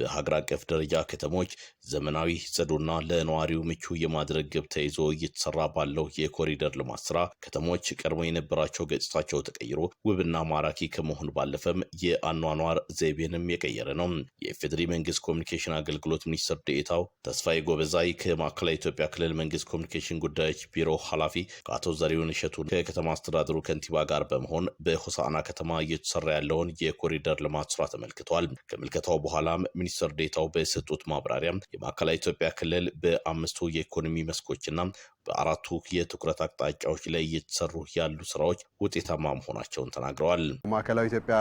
በሀገር አቀፍ ደረጃ ከተሞች ዘመናዊ ጽዱና ለነዋሪው ምቹ የማድረግ ግብ ተይዞ እየተሰራ ባለው የኮሪደር ልማት ስራ ከተሞች ቀድሞ የነበራቸው ገጽታቸው ተቀይሮ ውብና ማራኪ ከመሆን ባለፈም የአኗኗር ዘይቤንም የቀየረ ነው። የኢፌዴሪ መንግስት ኮሚኒኬሽን አገልግሎት ሚኒስትር ዴኤታው ተስፋዬ ጎበዛይ ከማዕከላዊ ኢትዮጵያ ክልል መንግስት ኮሚኒኬሽን ጉዳዮች ቢሮ ኃላፊ ከአቶ ዘሪሁን እሸቱ ከከተማ አስተዳደሩ ከንቲባ ጋር በመሆን በሆሳና ከተማ እየተሰራ ያለውን የኮሪደር ልማት ስራ ተመልክተዋል። ከምልከታው በኋላም ሚኒስትር ዴታው በሰጡት ማብራሪያ የማዕከላዊ ኢትዮጵያ ክልል በአምስቱ የኢኮኖሚ መስኮችና በአራቱ የትኩረት አቅጣጫዎች ላይ እየተሰሩ ያሉ ስራዎች ውጤታማ መሆናቸውን ተናግረዋል። ማዕከላዊ ኢትዮጵያ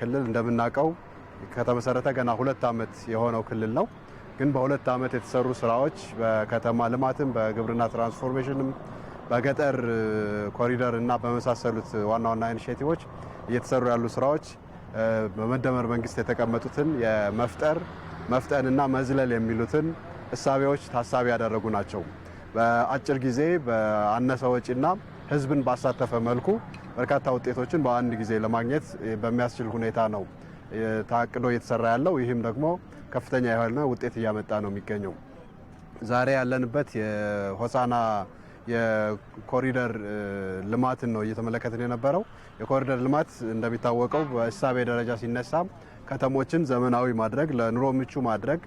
ክልል እንደምናውቀው ከተመሰረተ ገና ሁለት ዓመት የሆነው ክልል ነው። ግን በሁለት ዓመት የተሰሩ ስራዎች በከተማ ልማትም በግብርና ትራንስፎርሜሽንም በገጠር ኮሪደር እና በመሳሰሉት ዋና ዋና ኢኒሽቲቮች እየተሰሩ ያሉ ስራዎች በመደመር መንግስት የተቀመጡትን የመፍጠር መፍጠንና መዝለል የሚሉትን እሳቤዎች ታሳቢ ያደረጉ ናቸው። በአጭር ጊዜ በአነሰ ወጪና ህዝብን ባሳተፈ መልኩ በርካታ ውጤቶችን በአንድ ጊዜ ለማግኘት በሚያስችል ሁኔታ ነው ታቅዶ እየተሰራ ያለው። ይህም ደግሞ ከፍተኛ የሆነ ውጤት እያመጣ ነው የሚገኘው። ዛሬ ያለንበት የሆሳና የኮሪደር ልማትን ነው እየተመለከትን የነበረው። የኮሪደር ልማት እንደሚታወቀው በእሳቤ ደረጃ ሲነሳም ከተሞችን ዘመናዊ ማድረግ፣ ለኑሮ ምቹ ማድረግ፣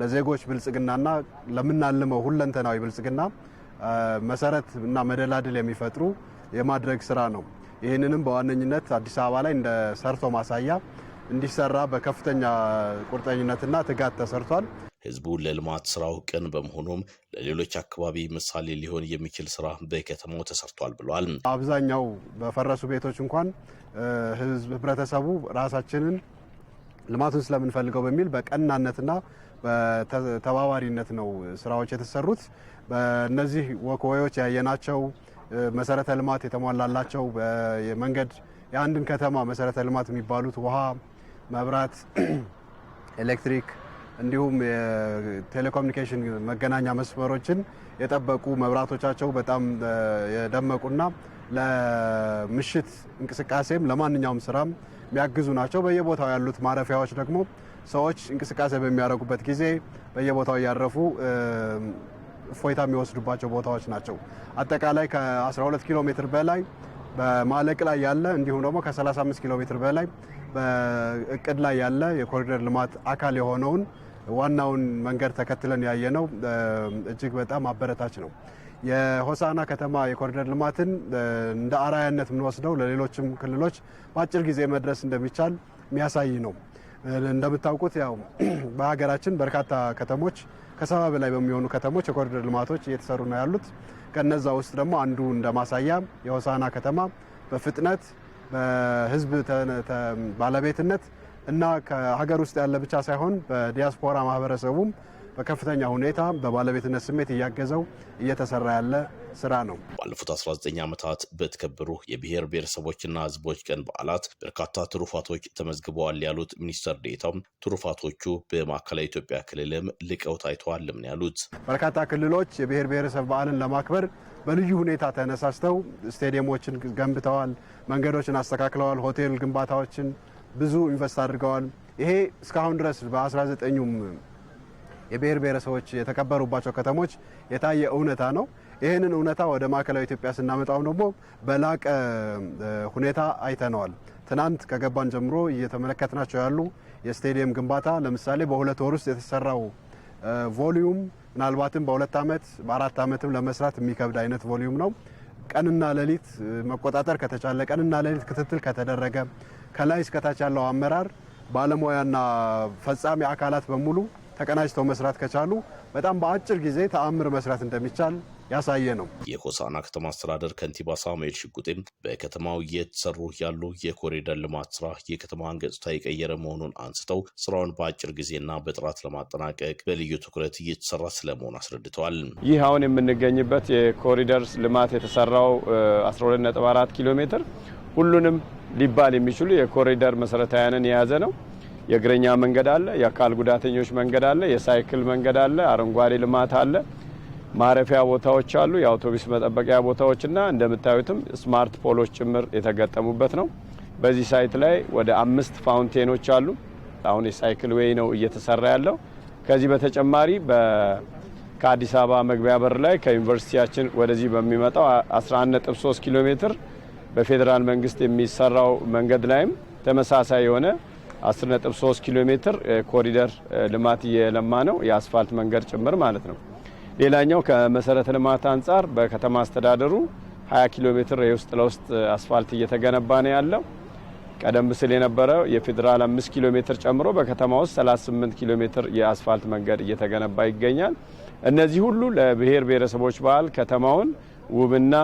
ለዜጎች ብልጽግናና ለምናልመው ሁለንተናዊ ብልጽግና መሰረት እና መደላድል የሚፈጥሩ የማድረግ ስራ ነው። ይህንንም በዋነኝነት አዲስ አበባ ላይ እንደ ሰርቶ ማሳያ እንዲሰራ በከፍተኛ ቁርጠኝነትና ትጋት ተሰርቷል። ህዝቡ ለልማት ስራው ቅን በመሆኑም ለሌሎች አካባቢ ምሳሌ ሊሆን የሚችል ስራ በከተማው ተሰርቷል ብሏል። አብዛኛው በፈረሱ ቤቶች እንኳን ህብረተሰቡ ራሳችንን ልማቱን ስለምንፈልገው በሚል በቀናነትና በተባባሪነት ነው ስራዎች የተሰሩት። በእነዚህ ወክወዮች ያየናቸው መሰረተ ልማት የተሟላላቸው መንገድ የአንድን ከተማ መሰረተ ልማት የሚባሉት ውሃ፣ መብራት፣ ኤሌክትሪክ እንዲሁም የቴሌኮሙኒኬሽን መገናኛ መስመሮችን የጠበቁ መብራቶቻቸው በጣም የደመቁና ለምሽት እንቅስቃሴም ለማንኛውም ስራም የሚያግዙ ናቸው። በየቦታው ያሉት ማረፊያዎች ደግሞ ሰዎች እንቅስቃሴ በሚያደርጉበት ጊዜ በየቦታው እያረፉ እፎይታ የሚወስዱባቸው ቦታዎች ናቸው። አጠቃላይ ከ12 ኪሎ ሜትር በላይ በማለቅ ላይ ያለ እንዲሁም ደግሞ ከ35 ኪሎ ሜትር በላይ በእቅድ ላይ ያለ የኮሪደር ልማት አካል የሆነውን ዋናውን መንገድ ተከትለን ያየነው እጅግ በጣም አበረታች ነው። የሆሳና ከተማ የኮሪደር ልማትን እንደ አራያነት የምንወስደው ለሌሎችም ክልሎች በአጭር ጊዜ መድረስ እንደሚቻል የሚያሳይ ነው። እንደምታውቁት ያው በሀገራችን በርካታ ከተሞች ከሰባ በላይ በሚሆኑ ከተሞች የኮሪደር ልማቶች እየተሰሩ ነው ያሉት። ከነዛ ውስጥ ደግሞ አንዱ እንደ ማሳያ የሆሳና ከተማ በፍጥነት በህዝብ ባለቤትነት እና ከሀገር ውስጥ ያለ ብቻ ሳይሆን በዲያስፖራ ማህበረሰቡም በከፍተኛ ሁኔታ በባለቤትነት ስሜት እያገዘው እየተሰራ ያለ ስራ ነው። ባለፉት 19 ዓመታት በተከበሩ የብሔር ብሔረሰቦችና ህዝቦች ቀን በዓላት በርካታ ትሩፋቶች ተመዝግበዋል ያሉት ሚኒስትር ዴኤታው ትሩፋቶቹ በማዕከላዊ ኢትዮጵያ ክልልም ልቀው ታይተዋል ምን ያሉት በርካታ ክልሎች የብሔር ብሔረሰብ በዓልን ለማክበር በልዩ ሁኔታ ተነሳስተው ስቴዲየሞችን ገንብተዋል፣ መንገዶችን አስተካክለዋል፣ ሆቴል ግንባታዎችን ብዙ ኢንቨስት አድርገዋል። ይሄ እስካሁን ድረስ በ19ኙም የብሔር ብሔረሰቦች የተከበሩባቸው ከተሞች የታየ እውነታ ነው። ይህንን እውነታ ወደ ማዕከላዊ ኢትዮጵያ ስናመጣውም ደግሞ በላቀ ሁኔታ አይተነዋል። ትናንት ከገባን ጀምሮ እየተመለከትናቸው ያሉ የስቴዲየም ግንባታ ለምሳሌ በሁለት ወር ውስጥ የተሰራው ቮሊዩም ምናልባትም በሁለት ዓመት በአራት ዓመትም ለመስራት የሚከብድ አይነት ቮሊዩም ነው። ቀንና ሌሊት መቆጣጠር ከተቻለ፣ ቀንና ሌሊት ክትትል ከተደረገ ከላይ እስከታች ያለው አመራር ባለሙያና ፈጻሚ አካላት በሙሉ ተቀናጅተው መስራት ከቻሉ በጣም በአጭር ጊዜ ተአምር መስራት እንደሚቻል ያሳየ ነው። የሆሳና ከተማ አስተዳደር ከንቲባ ሳሙኤል ሽጉጤም በከተማው እየተሰሩ ያሉ የኮሪደር ልማት ስራ የከተማዋን ገጽታ የቀየረ መሆኑን አንስተው ስራውን በአጭር ጊዜና በጥራት ለማጠናቀቅ በልዩ ትኩረት እየተሰራ ስለመሆኑ አስረድተዋል። ይህ አሁን የምንገኝበት የኮሪደር ልማት የተሰራው 12.4 ኪሎ ሜትር ሁሉንም ሊባል የሚችሉ የኮሪደር መሰረታዊያንን የያዘ ነው። የእግረኛ መንገድ አለ፣ የአካል ጉዳተኞች መንገድ አለ፣ የሳይክል መንገድ አለ፣ አረንጓዴ ልማት አለ፣ ማረፊያ ቦታዎች አሉ፣ የአውቶቡስ መጠበቂያ ቦታዎችና እንደምታዩትም ስማርት ፖሎች ጭምር የተገጠሙበት ነው። በዚህ ሳይት ላይ ወደ አምስት ፋውንቴኖች አሉ። አሁን የሳይክል ዌይ ነው እየተሰራ ያለው። ከዚህ በተጨማሪ ከአዲስ አበባ መግቢያ በር ላይ ከዩኒቨርሲቲያችን ወደዚህ በሚመጣው 11.3 ኪሎ ሜትር በፌዴራል መንግስት የሚሰራው መንገድ ላይም ተመሳሳይ የሆነ 10.3 ኪሎ ሜትር ኮሪደር ልማት እየለማ ነው፣ የአስፋልት መንገድ ጭምር ማለት ነው። ሌላኛው ከመሰረተ ልማት አንጻር በከተማ አስተዳደሩ 20 ኪሎ ሜትር የውስጥ ለውስጥ አስፋልት እየተገነባ ነው ያለው። ቀደም ሲል የነበረው የፌዴራል 5 ኪሎ ሜትር ጨምሮ በከተማ ውስጥ 38 ኪሎ ሜትር የአስፋልት መንገድ እየተገነባ ይገኛል። እነዚህ ሁሉ ለብሔር ብሔረሰቦች በዓል ከተማውን ውብና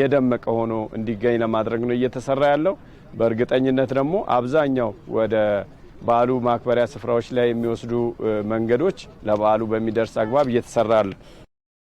የደመቀ ሆኖ እንዲገኝ ለማድረግ ነው እየተሰራ ያለው። በእርግጠኝነት ደግሞ አብዛኛው ወደ በዓሉ ማክበሪያ ስፍራዎች ላይ የሚወስዱ መንገዶች ለበዓሉ በሚደርስ አግባብ እየተሰራ አለ።